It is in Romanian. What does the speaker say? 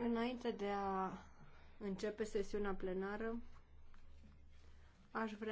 Înainte de a începe sesiunea plenară, aș vrea